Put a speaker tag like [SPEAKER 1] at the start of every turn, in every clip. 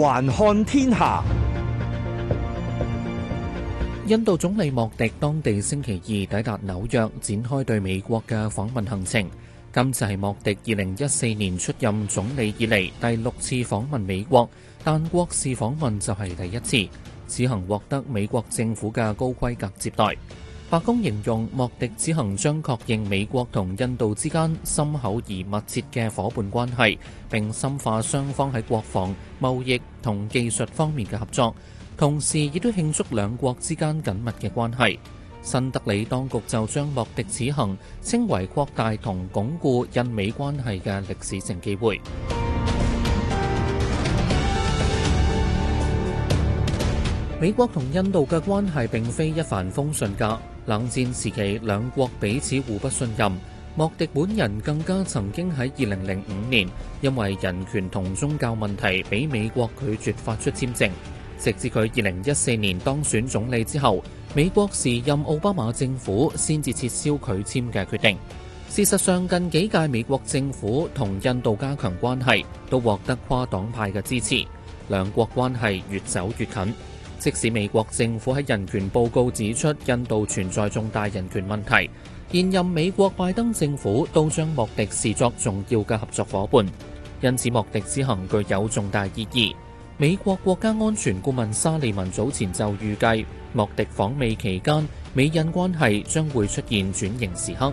[SPEAKER 1] 環看天下。印度總理莫迪當地星期二抵達紐約，展開對美國嘅訪問行程。今次係莫迪二零一四年出任總理以嚟第六次訪問美國，但國事訪問就係第一次。此行獲得美國政府嘅高規格接待。白宮形容莫迪此行將確認美國同印度之間深厚而密切嘅伙伴關係，並深化雙方喺國防、貿易同技術方面嘅合作，同時亦都慶祝兩國之間緊密嘅關係。新德里當局就將莫迪此行稱為擴大同鞏固印美關係嘅歷史性機會。美國同印度嘅關係並非一帆風順㗎。冷戰時期，兩國彼此互不信任，莫迪本人更加曾經喺二零零五年因為人權同宗教問題俾美國拒絕發出簽證，直至佢二零一四年當選總理之後，美國時任奧巴馬政府先至撤銷拒簽嘅決定。事實上，近幾屆美國政府同印度加強關係，都獲得跨黨派嘅支持，兩國關係越走越近。即使美國政府喺人權報告指出印度存在重大人權問題，現任美國拜登政府都將莫迪視作重要嘅合作伙伴，因此莫迪之行具有重大意義。美國國家安全顧問沙利文早前就預計，莫迪訪美期間，美印關係將會出現轉型時刻。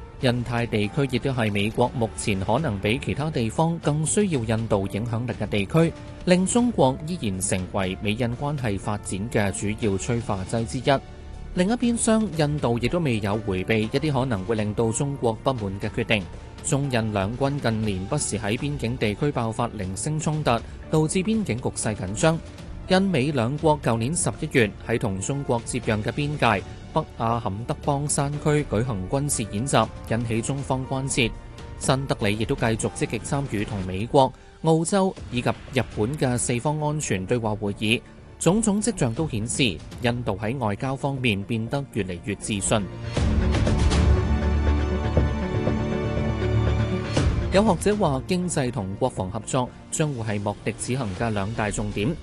[SPEAKER 1] 印太地區亦都係美國目前可能比其他地方更需要印度影響力嘅地區，令中國依然成為美印關係發展嘅主要催化劑之一。另一邊廂，印度亦都未有迴避一啲可能會令到中國不滿嘅決定，中印兩軍近年不時喺邊境地區爆發零星衝突，導致邊境局勢緊張。印美兩國舊年十一月喺同中國接壤嘅邊界北阿坎德邦山區舉行軍事演習，引起中方關切。新德里亦都繼續積極參與同美國、澳洲以及日本嘅四方安全對話會議，種種跡象都顯示印度喺外交方面變得越嚟越自信。 有學者話，經濟同國防合作將會係莫迪此行嘅兩大重點。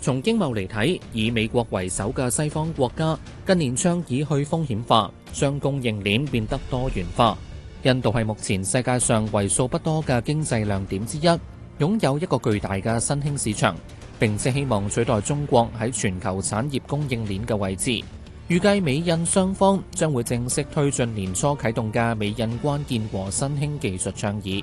[SPEAKER 1] 從經貿嚟睇，以美國為首嘅西方國家近年倡議去風險化，將供應鏈變得多元化。印度係目前世界上為數不多嘅經濟亮點之一，擁有一個巨大嘅新興市場，並且希望取代中國喺全球產業供應鏈嘅位置。預計美印雙方將會正式推進年初啟動嘅美印關鍵和新興技術倡議。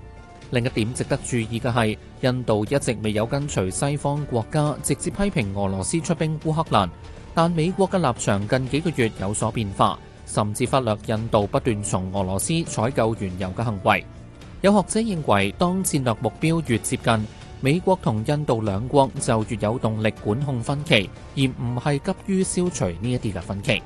[SPEAKER 1] 另一點值得注意嘅係，印度一直未有跟隨西方國家直接批評俄羅斯出兵烏克蘭，但美國嘅立場近幾個月有所變化，甚至忽略印度不斷從俄羅斯採購原油嘅行為。有學者認為，當戰略目標越接近，美國同印度兩國就越有動力管控分歧，而唔係急於消除呢一啲嘅分歧。